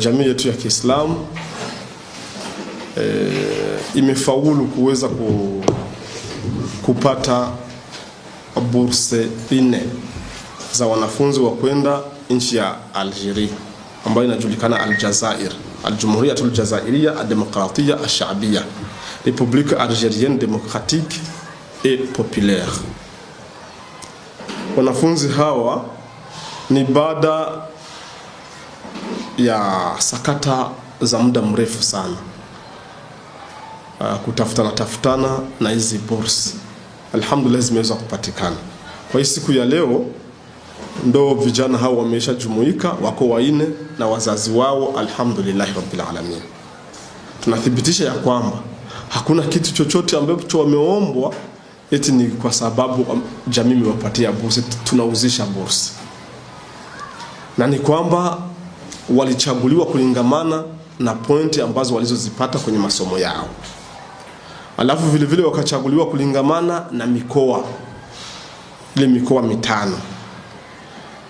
jamii yetu ya Kiislamu e, imefaulu kuweza ku, kupata burse nne za wanafunzi wa kwenda nchi ya Algeria ambayo inajulikana Aljazair, Aljumhuriyatul Aljazairia Ademokratia Ashabia, Republique Algerienne Democratique et Populaire. Wanafunzi hawa ni baada ya sakata za muda mrefu sana, ah, kutafutana tafutana na hizi bursi alhamdulillah zimeweza kupatikana. Kwa hiyo siku ya leo ndo vijana hao wameshajumuika, wako waine na wazazi wao, alhamdulillahi rabbil alamin. Tunathibitisha ya kwamba hakuna kitu chochote ambacho wameombwa eti ni kwa sababu jamii imewapatia bursi tunauzisha bursi na ni kwamba walichaguliwa kulingamana na pointi ambazo walizozipata kwenye masomo yao, alafu vile vile wakachaguliwa kulingamana na mikoa, ile mikoa mitano.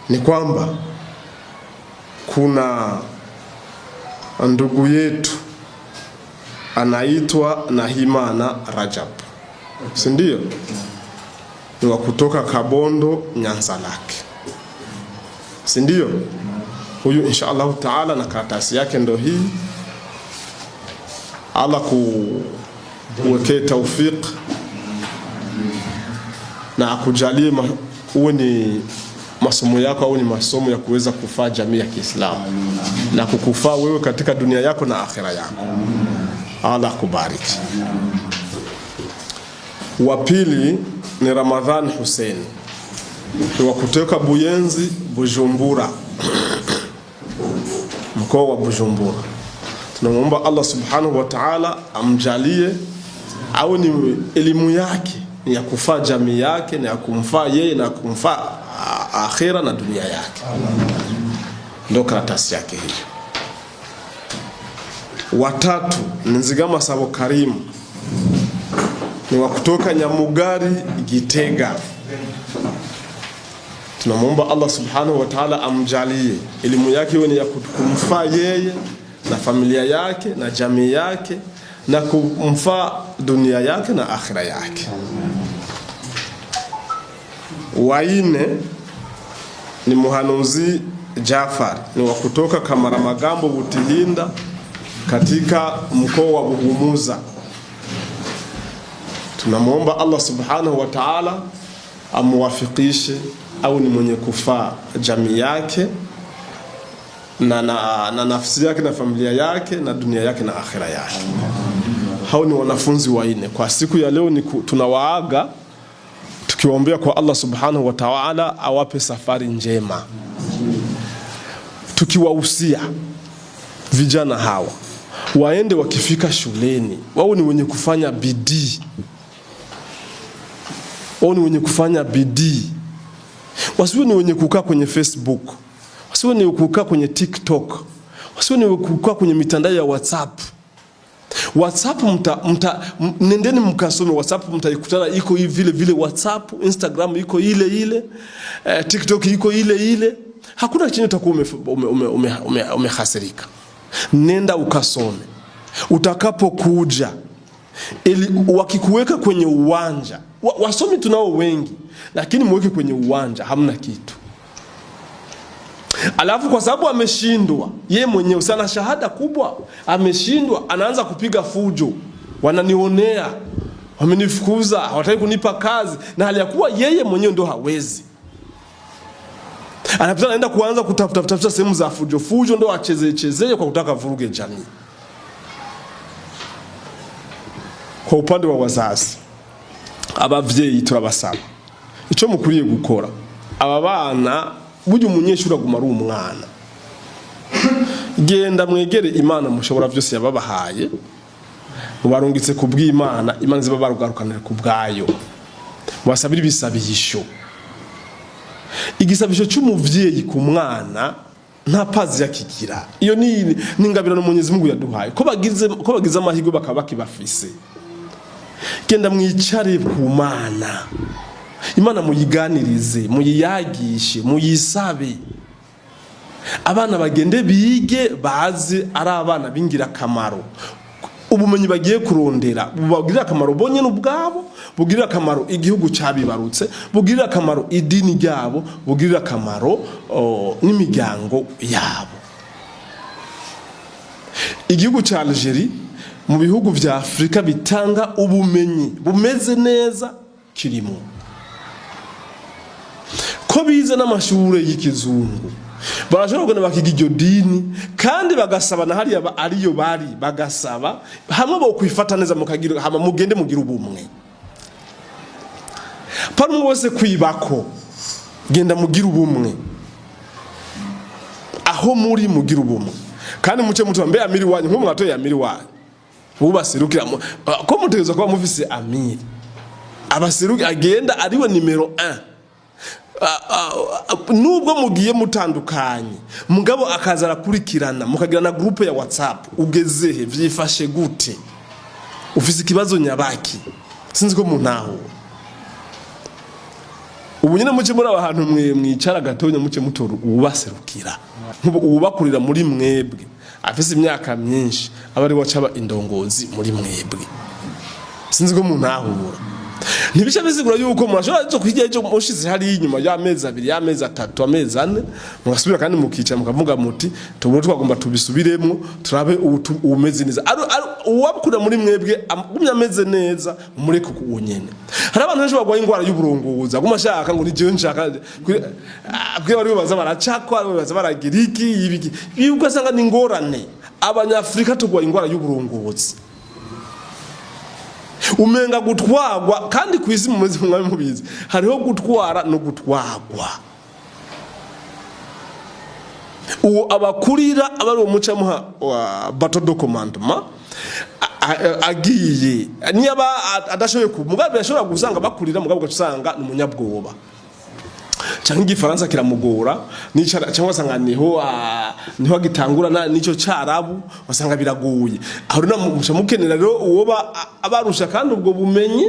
Ni kwamba kuna ndugu yetu anaitwa Nahimana Rajab, si ndio? Ni wa kutoka Kabondo Nyanza Lake, si ndio? huyu insha Allahu taala, na karatasi yake ndo hii. Allah kuwekee taufiq na akujalie uwe ni masomo yako au ni masomo ya kuweza kufaa jamii ya Kiislamu na kukufaa wewe katika dunia yako na akhira yako. Allah akubariki. Wa pili ni Ramadhan Hussein wa kutoka Buyenzi, Bujumbura mkoa wa Bujumbura. Tunamwomba Allah subhanahu wa ta'ala amjalie au ni elimu yake ni ya kufaa jamii yake na ya kumfaa yeye na kumfaa akhira na dunia yake. Ndio karatasi yake hiyo. Watatu ni Nzigama Sabo Karimu ni wa kutoka Nyamugari Gitega. Tunamwomba Allah subhanahu wa ta'ala amjalie elimu yake iwe ni ya kumfaa yeye na familia yake na jamii yake na kumfaa dunia yake na akhira yake. Waine ni Muhanuzi Jafar ni wa kutoka kamara magambo Butihinda katika mkoa wa Bugumuza. Tunamwomba Allah subhanahu wa ta'ala amuwafikishe au ni mwenye kufaa jamii yake na, na, na nafsi yake na familia yake na dunia yake na akhira yake. Hao ni wanafunzi waine. Kwa siku ya leo ni tunawaaga tukiwaombea kwa Allah subhanahu wa ta'ala awape safari njema, tukiwahusia vijana hawa waende wakifika shuleni, wao ni wenye kufanya bidii, wao ni wenye kufanya bidii wasiwe ni wenye kukaa kwenye Facebook, wasiwe ni kukaa kwenye TikTok, wasiwe ni kukaa kwenye mitandao ya WhatsApp. WhatsApp mta, mta, nendeni mkasome WhatsApp, mtaikutana iko hivi vile vile. WhatsApp, Instagram iko ile ile, eh, TikTok iko ile ile. Hakuna chenye utakuwa umehasirika. Nenda ukasome, utakapokuja ili wakikuweka kwenye uwanja wasomi tunao wengi, lakini mweke kwenye uwanja, hamna kitu. Alafu kwa sababu ameshindwa ye mwenyewe, sana shahada kubwa, ameshindwa, anaanza kupiga fujo, wananionea, wamenifukuza, hawataki kunipa kazi, na hali ya kuwa yeye mwenyewe ndo hawezi anapita anaenda kuanza kutafuta sehemu za fujo fujo, ndo acheze chezee kwa kutaka vuruge jamii. Kwa upande wa wazazi, ababyeyi turabasaba icyo mukuriye gukora aba bana burya umunyeshuri aguma ari umwana genda mwegere imana mushobora byose yababahaye mubarungitse ku bw'imana imana ziba barugarukanira ku bwayo mubasabire ibisabisho igisabisho cy'umubyeyi ku mwana nta pazi yakigira iyo ni ingabirano mu ngezo yaduhaye ko bagize amahirwe bakaba bakibafise genda mwicare ku mana imana muyiganirize muyiyagishe muyisabe abana bagende bige bazi ari abana b'ingirakamaro ubumenyi bagiye kurondera bubagirira akamaro bonyine ubwabo bugirira akamaro igihugu cyabibarutse bugirira akamaro idini ryabo bugirira akamaro n'imiryango yabo igihugu cya Algeria mu bihugu bya afurika bitanga ubumenyi bumeze neza kirimo ko bize n'amashuri y'ikizungu barashobora kugana bakiga iryo dini kandi bagasaba na hariya ariyo bari bagasaba hamwe bakwifata neza hama mugende mugira ubumwe pano umwe wese kwibako genda mugira ubumwe aho muri mugire ubumwe kandi muce muto mbere amiri wanyu nk'umwe watoye ya wanyu ubaserukira ah, ko mutegereza kuba mufise amiri abaseruka agenda ariwe nimero 1 ah, ah, nubwo mugiye mutandukanye mugabo akaza arakurikirana mukagirana groupe ya WhatsApp ugezehe vyifashe gute ufise ikibazo nyabaki sinzi ko muntaho ubu nyine muke muri abantu mwe mwicara gatonya muke mutora uwubaserukira uwubakurira muri mwebwe afise imyaka myinshi aba ari waca indongozi muri mwebwe sinzi ko umuntu ahahura ntibishabisigura yuko murashobora cyo kwijya cyo mushize hari inyuma y'amezi abiri y'amezi atatu ameza ane murasubira kandi mukicara mukavuga muti tubone twagomba tubisubiremo turabe umeze neza uwabukura muri mwebwe agumye ameze neza mureke uwo nyene hari abantu benshi barwaye ingwara y'uburunguza aguma ashaka ngo nijewe nshaka abwe ah, bari baza baracakwa baza baragira iki ibiki bibwo asanga ni ingorane abanyafrika turwaye ingwara y'uburunguzi umenga gutwagwa kandi ku isi mumaze mwari mubizi hariho gutwara no gutwagwa uwo abakurira aba ari uwo wa bato dokomandoma agiye niba adashoboye ku mugambi yashobora gusanga bakurira mugabo ugasanga ni umunyabwoba cyangwa igifaransa kiramugora cyangwa wasanga niho ah, niho gitangura n'icyo cyarabu wasanga biraguye aho rero mukenera rero uwo abarusha kandi ubwo bumenyi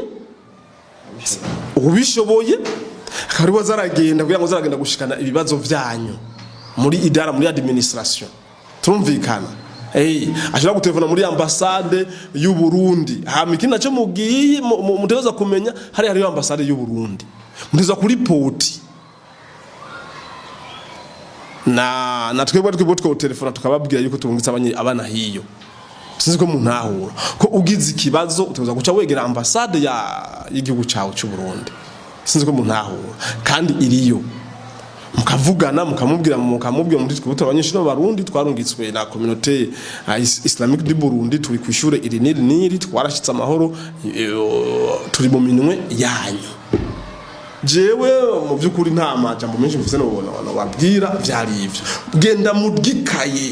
ubishoboye akaba aribo azaragenda kugira ngo azaragenda gushikana ibibazo byanyu muri idara muri administration turumvikana eh ashobora gutelefona muri ambasade y'u Burundi hama ikindi naco mugiye muteza kumenya hari hari ambasade y'u Burundi muteza kuri poti na na twebwe twebwe two telefona tukababwira yuko tubungitse abana hiyo sinzi ko mu ko ugize ikibazo utuza guca wegera ambasade ya y'igihugu cyawe cy'u Burundi sinzi ko mu kandi iriyo mukavugana mukamubwira mukamubwira muri twebwe abanyeshuri n’Abarundi twarungitswe na communauté ah, Islamic du Burundi turi kwishure iri niri niri twarashyitse amahoro turi mu minwe yanyu jewe mu by'ukuri nta majambo menshi mvuze wabwira byari ibyo genda mu gikaye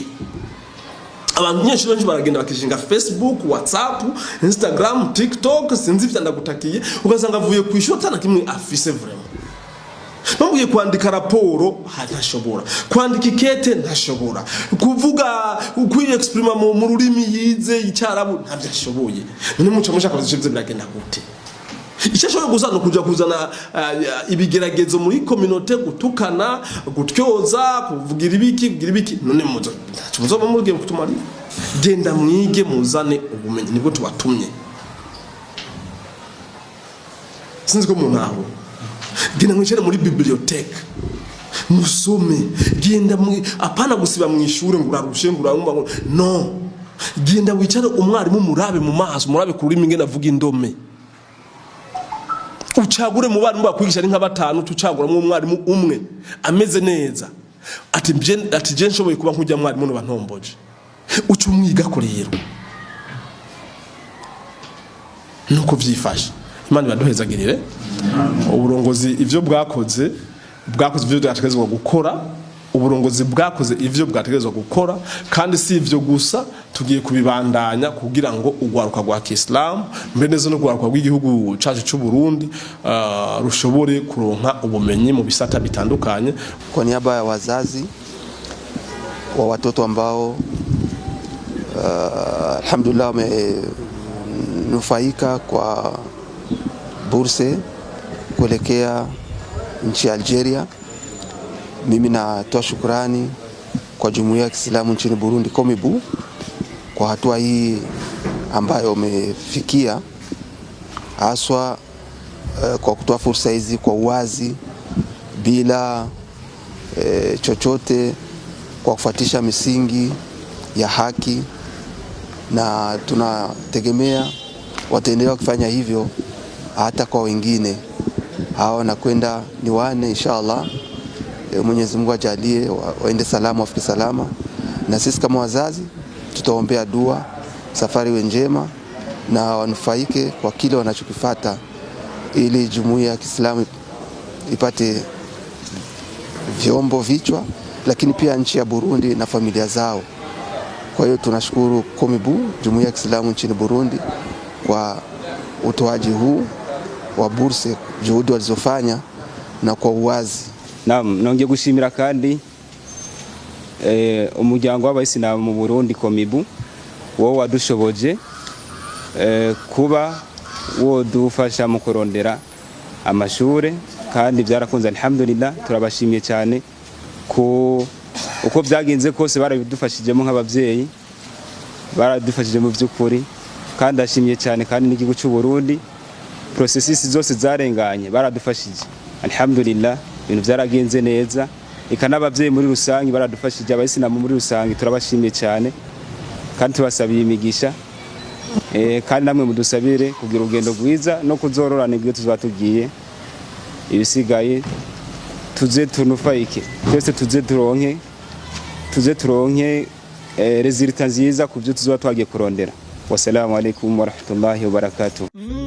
abantu nyinshi benshi baragenda bakishinga facebook whatsapp instagram tiktok sinzi ibyo ndagutakiye ugasanga avuye ku ishuri atana kimwe afise vraiment bamubwiye kwandika raporo ntashobora kwandika ikete ntashobora kuvuga kwiyexprima mu rurimi yize icyarabu ntabyo ashoboye nimuca mushaka kuzishibiza biragenda gute ishashobora gusa no kuzana eh, ibigeragezo muri communauté gutukana gutyoza kuvugira ibiki kugira ibiki none muzo muzoba murubwiye kutumari genda mwige muzane ubumenyi nibwo tubatumye sinzi ko umuntu aho genda mwicare muri bibliothèque musome genda apana gusiba mu ngo urarushe ngo urarumva no genda wicare umwarimu murabe mu maso murabe ku rurimi ngenda avuga indome ucagure mu barimu bakwigisha ari nka batanu tucaguramo umwarimu umwe ameze neza ati je nshoboye kuba nk'ujya mwarimu nuba ntomboje uca umwiga ko rero nuko byifashe imana ibaduhezagirire uburongozi ibyo bwakoze bwakoze ibyo bwatekerezwa gukora uburongozi bwakoze ivyo bwategerezwa gukora kandi si ivyo gusa tugiye kubibandanya kugira ngo ugwaruka rwa Islam mbere neza no gwaruka rw'igihugu cacu c'u Burundi uh, rushobore kuronka ubumenyi mu bisata bitandukanye. Kwa niaba ya wazazi wa watoto ambao uh, alhamdulillah wamenufaika kwa burse kuelekea nchi ya Algeria. Mimi natoa shukurani kwa Jumuiya ya Kiislamu nchini Burundi Komibu kwa hatua hii ambayo umefikia haswa eh, kwa kutoa fursa hizi kwa uwazi bila eh, chochote kwa kufuatisha misingi ya haki, na tunategemea wataendelea kufanya hivyo hata kwa wengine hawa wanakwenda ni wane inshallah. Eh, Mwenyezi Mungu ajalie waende salama wafike salama, na sisi kama wazazi tutaombea dua, safari iwe njema na wanufaike kwa kile wanachokifata, ili jumuiya ya Kiislamu ipate vyombo vichwa, lakini pia nchi ya Burundi na familia zao. Kwa hiyo tunashukuru Komibu, jumuiya ya Kiislamu nchini Burundi kwa utoaji huu wa bursa, juhudi walizofanya na kwa uwazi. nongeye gushimira kandi eh, umuryango w'abayisilamu mu burundi komibu wowe wadushoboje eh, kuba wo dufasha mu kurondera amashuri kandi byarakunze alhamdulillah turabashimye cyane ku uko byagenze kose barabidufashijemo nk'ababyeyi baradufashije mu by'ukuri kandi ashimye cyane kandi n'igihugu cy'u Burundi processes zose zarenganye baradufashije alhamdulillah ibintu byaragenze neza reka n'ababyeyi muri rusange baradufashije abayisilamu muri rusange turabashimye cyane kandi tubasabiye imigisha eh, kandi namwe mudusabire kugira urugendo rwiza no kuzororana ibyo tuzaba tugiye ibisigaye tuze tunufayike twese tuze turonke tuze turonke eh, rezilita nziza ku byo tuzaba twagiye kurondera wasalamu alaikum warahmatullahi wabarakatuh